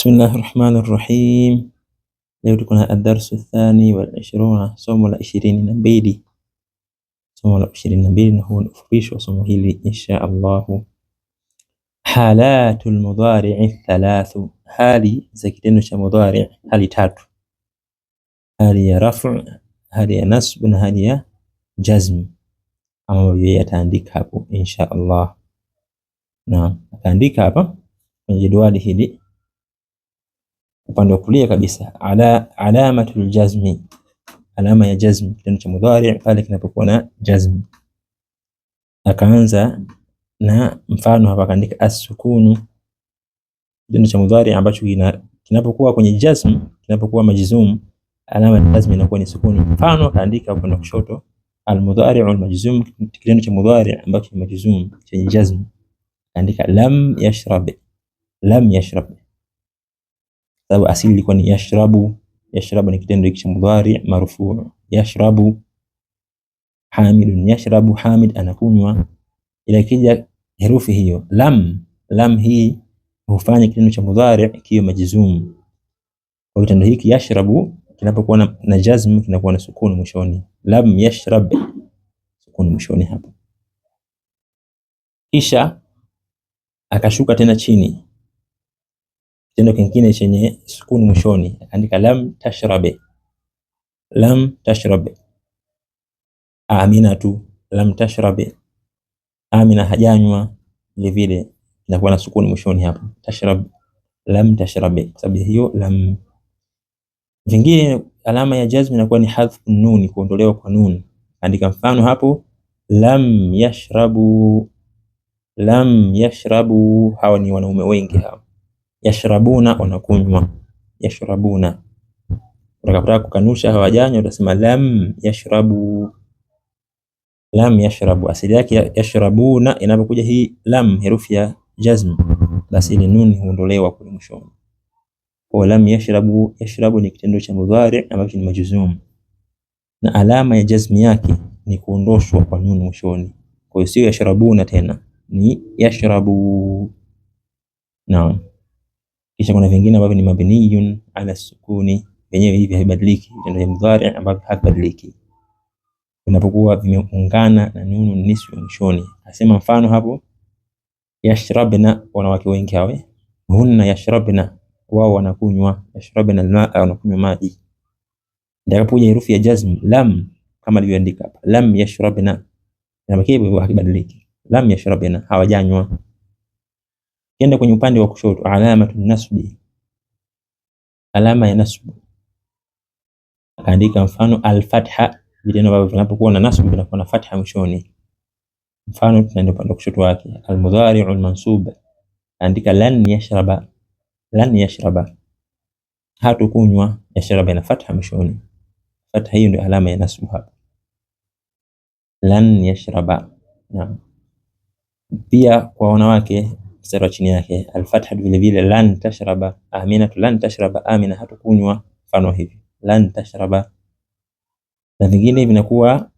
بسم الله الرحمن الرحيم يقولون الدرس الثاني والعشرون صوم العشرين نبيلي صوم العشرين نبيلي هو الأفريش وصومه إن شاء الله حالات المضارع الثلاث هالي زكتين شا مضارع هالي تات هالي رفع هالي نصب هالي جزم أما يتعندك إن شاء الله نعم تعندك كابو من جدوله لي upande wa kulia kabisa, ala alamatul jazmi, alama ya jazmi, kitendo cha mudhari pale kinapokuwa na jazmi. Akaanza na mfano hapa, kaandika sukunu kitendo cha mudhari ambacho kinapokuwa kwenye jazmi, kinapokuwa majzum, alama ya jazmi inakuwa ni sukuni. Mfano kaandika upande wa kushoto, al-mudhari al-majzum, kitendo cha mudhari ambacho ni majzum chenye jazmi, kaandika lam yashrab, lam yashrab sababu asili ilikuwa ni yashrabu. Yashrabu ni kitendo hiki cha mudhari marfuu. Yashrabu Hamidun, yashrabu Hamid anakunywa. Ila kija herufi hiyo lam, lam hii hufanya kitendo cha mudhari kiwe majzum. Kwa kitendo hiki yashrabu kinapokuwa na, na jazm kinakuwa na sukuni mwishoni. Lam yashrab, sukuni mwishoni hapo, kisha akashuka tena chini Kitendo kingine chenye sukuni mwishoni, andika lam tashrabe, lam tashrabe. Amina tu lam tashrabe, Amina hajanywa. Vile vile inakuwa na sukuni mwishoni hapo, tashrab, lam tashrabe, kwa sababu hiyo lam. Vingine alama ya jazm inakuwa ni hadhfu nun, kuondolewa kwa nun. Andika mfano hapo, lam yashrabu, lam yashrabu. Hawa ni wanaume wengi hawa Yashrabuna, wanakunywa. Yashrabuna, utakapotaka kukanusha hawajanywa utasema lam yashrabu. Lam yashrabu, asili yake yashrabuna. Inapokuja hii lam, herufi ya jazm, basi ile nun huondolewa kule mwishoni. Kwa lam yashrabu, yashrabu ni kitendo cha mudhari ambacho ni majzum, na alama ya jazm yake ni kuondoshwa kwa nun mwishoni. Kwa hiyo sio yashrabuna tena, ni yashrabu. Naam. Kisha kuna vingine ambavyo ni mabniyun ala sukuni, vyenyewe hivi havibadiliki, vitendo vya mudhari ambavyo havibadiliki vinapokuwa vimeungana na nunu niswi mwishoni. Asema mfano hapo, yashrabna, wanawake wengi hawe, hunna yashrabna, wao wanakunywa, yashrabna almaa, wanakunywa maji. Ndio kuja herufi ya jazm lam, kama alivyoandika hapa, lam yashrabna, na hivyo hakibadiliki, lam yashrabna, hawajanywa. Kienda kwenye upande wa kushoto, alamatu nasbi, alama ya nasbu. Akaandika mfano alfatha, vitendo ambavyo vinapokuwa na nasbu vinakuwa na fatha mwishoni. Mfano tunaenda upande wa kushoto wake, almudhari'u almansub, andika lan yashraba, lan yashraba, hatu kunywa. Yashraba ina fatha mwishoni, fatha hiyo ndio alama ya nasbu hapo, lan yashraba. Naam, pia kwa wanawake mstari wa chini yake alfatha vile vile, lan tashraba amina lan tashraba amina, hatukunywa mfano hivi lan tashraba, na vingine vinakuwa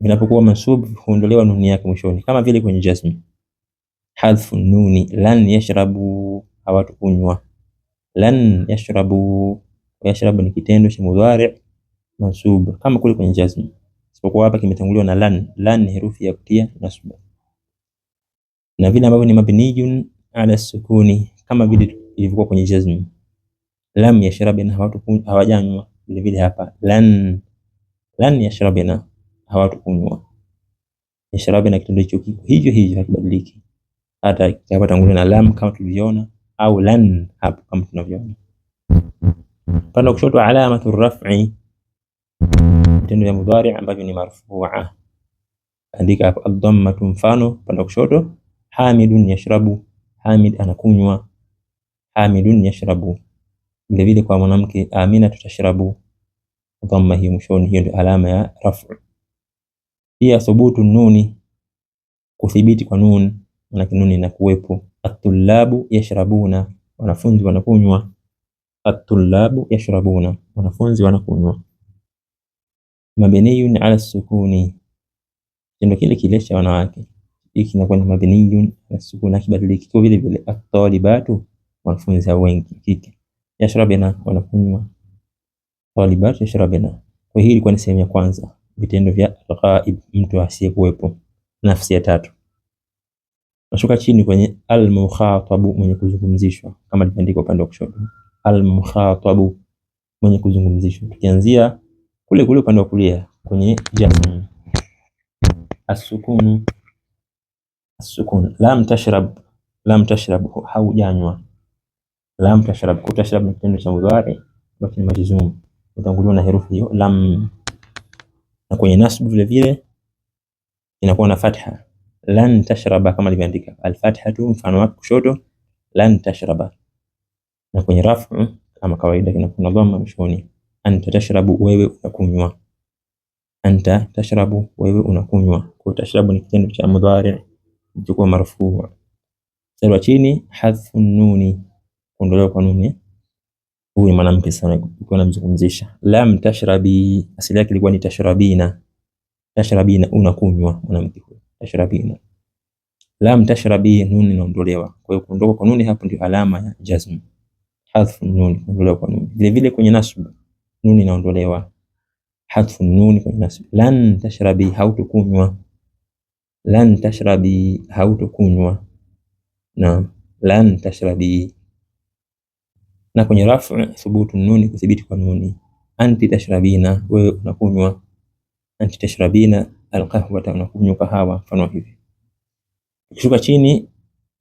vinapokuwa mansub huondolewa nuni yake mwishoni, kama vile kwenye jazm hadhfu nuni, lan yashrabu, hawatukunywa Lan yashrabu, yashrabu ni kitendo cha mudhari mansub kama kule kwenye jazm isipokuwa hapa kimetanguliwa na lan. Lan ni herufi ya kutia nasba na vile ambavyo ni mabniyun ala sukuni, kama vile ilivyokuwa kwenye jazm lam yashrabina, hawajanywa. Vile vile hapa lan lan yashrabina, hawatakunywa. Yashrabina kitendo hicho kiko hivyo hivyo, hakibadiliki hata hapa tangulia na lam kama tulivyoona, au lan hapo kama tunavyoona. Pana kushoto alamatu raf'i, vitendo vya mudhari ambavyo ni marfu'a, andika hapo ad dhamma mfano pana kushoto Hamidun yashrabu, Hamid anakunywa. Hamidun yashrabu. Vile vile kwa mwanamke Amina tutashrabu, dhamma hiyo mwishoni, hiyo ndio alama ya rafu. Pia thubutu nuni, kuthibiti kwa nun, maana nuni inakuwepo. Atulabu yashrabuna, wanafunzi wanakunywa. atullabu yashrabuna, wanafunzi wanakunywa. Mabniyun ala sukuni, ndio kile kile cha wanawake hiki kinakuwa ni mabniyun na sukun, hakibadiliki. Kwa vile vile atalibatu, wanafunzi hao wengi kike, yashrabina, wanakunywa, talibatu yashrabina. Kwa hiyo ilikuwa ni sehemu ya kwanza, vitendo vya ghaib, mtu asiyekuwepo. Nafsi ya tatu, nashuka chini kwenye al-mukhatabu, mwenye kuzungumzishwa, kama ilivyoandikwa upande wa kushoto, Al-mukhatabu, mwenye kuzungumzishwa. Tukianzia kule kule upande wa kulia kwenye jamu asukunu Sukun lam tashrab, lam tashrab, haujanywa. Lam tashrab, kutashrab ni kitendo cha mudhari, baki ni majzum, utanguliwa na herufi hiyo lam, na kwenye nasb vile vile inakuwa na fatha. Lan tashraba, kama al fatha tu mfano wake kushoto, lan tashraba. Na kwenye rafu kama kawaida kinakuwa na dhamma mwishoni, anta tashrabu, wewe unakunywa. Anta tashrabu, wewe unakunywa. kwa tashrabu ni kitendo cha mudhari utakuwa marfuu. Sasa wa chini hadhfu nuni, kuondolewa kwa nuni. Huyu ni mwanamke sana, ukiwa namzungumzisha Lam tashrabi, asili yake ilikuwa ni tashrabina. Tashrabina, unakunywa mwanamke huyo, tashrabina. Lam tashrabi, nuni inaondolewa. Kwa hiyo kuondoka kwa nuni hapo ndio alama ya jazm. Hadhfu nuni, kuondolewa kwa nuni. Vile vile kwenye nasb, nuni inaondolewa. Hadhfu nuni kwenye nasb. Lan tashrabi, hautokunywa lan tashrabi, hautokunywa. Na lan tashrabi. Na kwenye rafu thubutu nuni, kuthibiti kwa nuni. Anti tashrabina, wewe unakunywa. Anti tashrabina alqahwata, unakunywa kahawa. Mfano hivi. Kishuka chini,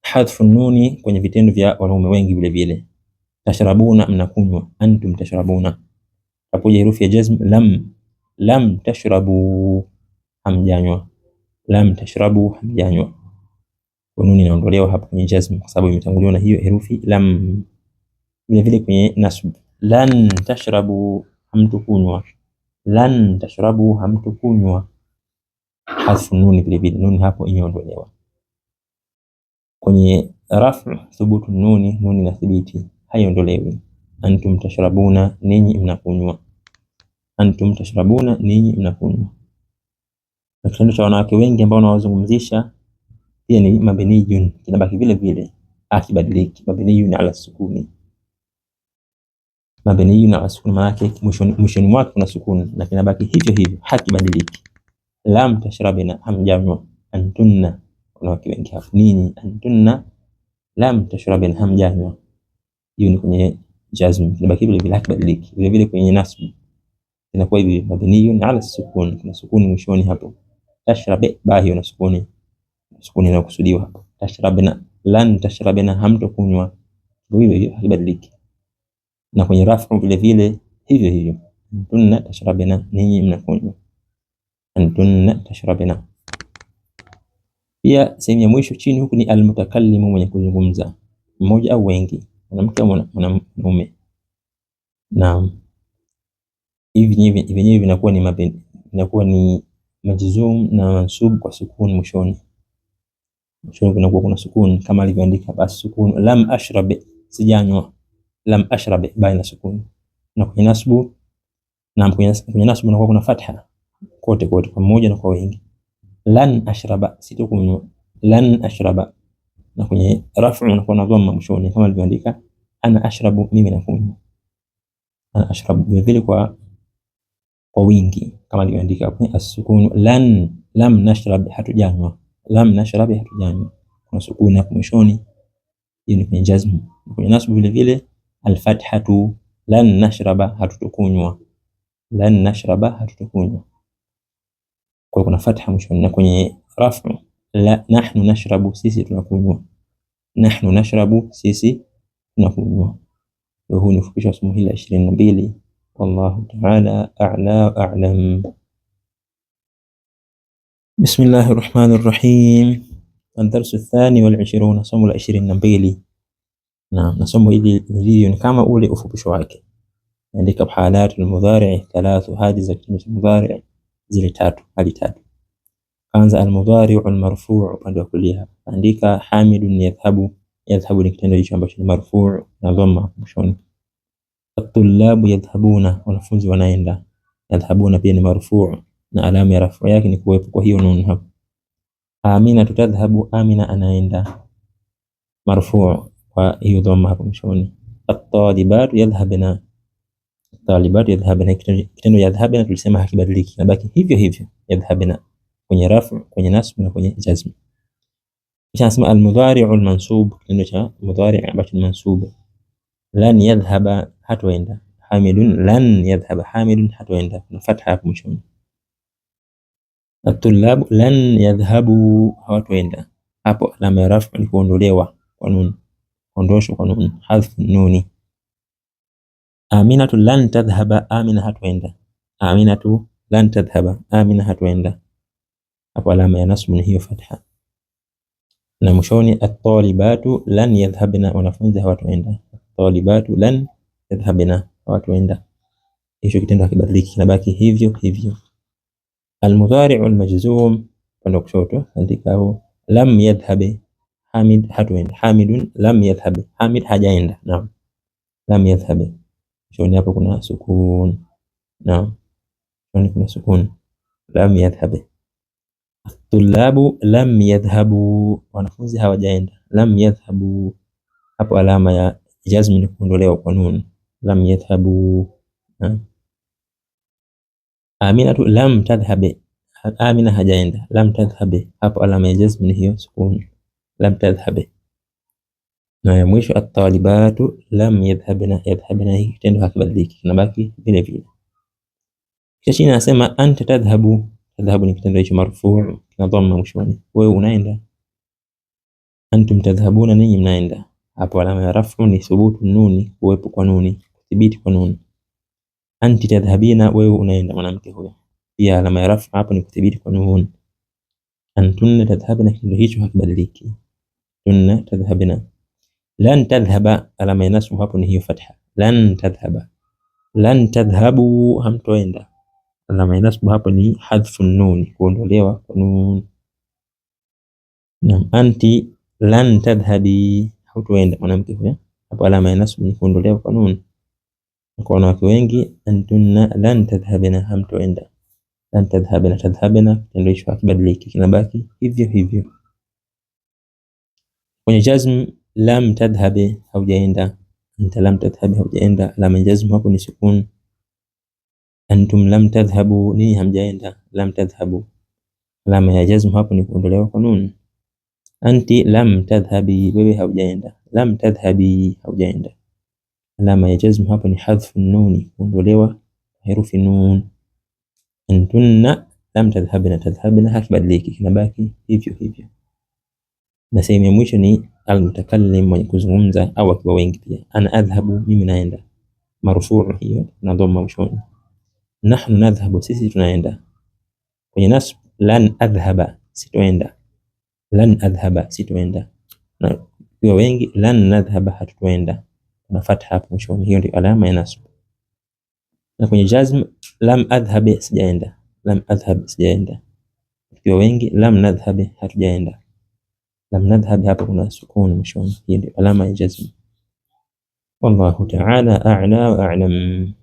hadfu nuni kwenye vitendo vya wanaume wengi vile vile. Tashrabuna, mnakunywa. Antum tashrabuna. Hapo herufi ya jazm lam, lam tashrabu, hamjanywa lam tashrabu, hamjanywa. Nuni inaondolewa hapa kwenye jazm kwa sababu imetanguliwa na hiyo herufi lam. Vile vile kwenye nasb, lan tashrabu, hamtukunywa. Lan tashrabu, hamtukunywa. Hadhfu nuni vile vile nuni hapo imeondolewa. Kwenye rafu thubutu nuni, nuni na thibiti haiondolewi. Antum tashrabuna, ninyi mnakunywa. Antum tashrabuna, ninyi mnakunywa na kitendo cha wanawake wengi ambao nawazungumzisha pia ni mabniyun, kinabaki vile vile, akibadiliki mabniyun ala sukuni. Mabniyun ala sukuni maana yake mwishoni mwake kuna sukuni na kinabaki hivyo hivyo, hakibadiliki. Lam tashrabina hamjamu antunna, wanawake wengi hapo ninyi, antunna lam tashrabina hamjamu, hiyo ni kwenye jazm, kinabaki vile vile, hakibadiliki. Vile vile kwenye nasb inakuwa hivi mabniyun ala sukuni, kuna sukuni mwishoni hapo tashrabe ba hiyo na sukuni, sukuni inayokusudiwa hapo tashrabna, lan tashrabna, hamtokunywa hivyo hivyo, haibadiliki. Na kwenye rafu vile vile hivyo hivyo, antunna tashrabna, ninyi mnakunywa, antunna tashrabna. Pia sehemu ya mwisho chini huku ni almutakallimu, mwenye kuzungumza, mmoja au wengi, mwanamke au mwanaume. Naam, hivi hivi ni vinakuwa ni Majzum na mansub kwa sukun mwishoni, mwishoni kunakuwa kuna sukun kama alivyoandika. Basi sukun lam ashrab, sijanywa. Lam ashrab baina sukun na kwenye nasbu, na kwenye nasbu kunakuwa kuna fatha kote kote, pamoja na kwa wingi. Lan ashraba, sitakunywa. Lan ashraba. Na kwenye rafu unakuwa na dhamma mwishoni kama alivyoandika ana ashrabu, mimi nakunywa. Ana ashrabu vile kwa kwa wingi kama alivyoandika hapo asukunu lan lam nashrab, hatujanywa. Lam nashrab, hatujanywa. Kuna sukuni hapo mwishoni, hiyo ni kwenye jazm. Kwenye nasb vile vile al-fathatu. lan nashraba, hatutukunywa. Lan nashraba, hatutukunywa. Kwa kuna fatha mwishoni. Na kwenye rafu la nahnu nashrabu, sisi tunakunywa. Nahnu nashrabu, sisi tunakunywa. Huu ni ufupisho wa somo hili la ishirini na mbili. والله تعالى أعلى أعلم بسم الله الرحمن الرحيم الدرس الثاني والعشرون صم العشرين نبيلي نعم نصم إلي نجيد كما أولي أفو بشواك عندك بحالات المضارع ثلاث وهذه زكينة المضارع زي تاتو هذه تاتو كانز المضارع المرفوع عند كلها عندك حامل يذهب يذهب لك تنجيش مرفوع نظمه مشونك at yadhhabuna, wanafunzi wanaenda. Yadhhabuna pia ni marfuu na alama ya rafu yake ni kuwepo kwa hiyo nun hapo. Amina tutadhhabu, Amina anaenda, marfuu kwa hiyo dhamma hapo mwishoni. at yadhhabna, talibatu yadhhabna. Kitendo yadhhabna tulisema hakibadiliki, nabaki hivyo hivyo yadhhabna kwenye rafu, kwenye nasb na kwenye jazm. Kisha nasema al-mudhari'u kitendo cha mudhari' ambacho ni mansubu lan yadhhaba hatoenda. Hamidun lan yadhhaba, hamidun hatoenda, kuna fatha hapo mwishoni. Atulabu lan yadhhabu, hawatoenda. Hapo alama ya rafu ni kwa nuni, ondosho kwa nuni, hadhfu nuni. Aminatu lan tadhhaba, amina hatoenda. Aminatu lan tadhhaba, amina hatoenda. Hapo alama ya nasbu ni hiyo fatha na mwishoni atalibatu lan yadhhabna, wanafunzi hawatoenda. Atalibatu lan na watu waenda. Hicho kitendo hakibadiliki, kinabaki hivyo hivyo. Almudhari'u almajzum, pande kushoto andika huo, lam yadhhabi Hamid, hatuenda. Hamidun lam yadhhabi, Hamid hajaenda. Naam, lam yadhhabi. Shoni hapo kuna sukun. Naam, shoni kuna sukun, lam yadhhabi. Tulabu lam yadhhabu, wanafunzi hawajaenda. Lam yadhhabu, hapo alama ya jazmi ni kuondolewa kwa nuni lam yadhhabu Amina tu lam tadhhabe. Amina hajaenda, lam tadhhabe. Hapo alama ya jazm ni hiyo sukun, lam tadhhabe. Na ya mwisho at-talibatu lam yadhhabna, yadhhabna hiki kitendo hakibadiliki, kinabaki vile vile. Kisha chini anasema anta tadhhabu, tadhhabu ni kitendo hicho marfuu na dhamma mwishoni, wewe unaenda. Antum tadhhabuna, ninyi mnaenda. Hapo alama ya rafu ni thubutu nuni, kuwepo kwa nuni. Thibiti kwa nuni. Anti tadhhabina, wewe unaenda. Mwanamke huyo pia alama ya rafa hapo ni kuthibiti kwa nuni. Antunna tadhhabina, kitendo hicho hakibadiliki. Tunna tadhhabina. Lan tadhhaba, alama ya nasbu hapo ni hiyo fatha. Lan tadhhaba, lan tadhhabu, hamtoenda. Alama ya nasbu hapo ni hadhfu nun, kuondolewa kwa nun. Naam, anti lan tadhhabi, hautoenda mwanamke huyo hapo, alama ya nasbu ni kuondolewa kwa nun kwa wanawake wengi, antunna lan tadhhabina, hamtoenda. Lan tadhhabina, tadhhabina kitendo hicho hakibadiliki, kinabaki hivyo hivyo. Kwenye jazm lam tadhhabi, haujaenda. Anta lam tadhhabi, haujaenda. Lam jazm hapo ni sukun. Antum lam tadhhabu, ninyi hamjaenda. Lam tadhhabu, lam ya jazm hapo ni kuondolewa kwa nun. Anti lam tadhhabi, wewe haujaenda. Lam tadhhabi, haujaenda. Alama ya jazm hapa ni hadhfu nuni, kuondolewa herufi nun. Antunna lam tadhhabna, tadhhabna hakibadiliki, kinabaki hivyo hivyo. Na sehemu ya mwisho ni almutakallim, mwenye kuzungumza au akiwa wengi pia. Ana adhhabu, mimi naenda. Marfuu hiyo na dhamma mwishoni. Nahnu nadhhabu, sisi tunaenda. Kwenye nasb lan adhhaba, sitoenda. Lan adhhaba, sitoenda. Na kiwa wengi lan nadhhaba, hatutoenda na fatha hapo mwishoni, hiyo ndio alama ya nasb. Na kwenye jazm, lam adhhabe sijaenda. Lam adhhab, sijaenda. Tukiwa wengi, lam nadhhabe hatujaenda. Lam nadhhab, hapo kuna sukun mwishoni, hiyo ndio alama ya jazm. Wallahu ta'ala a'la wa a'lam.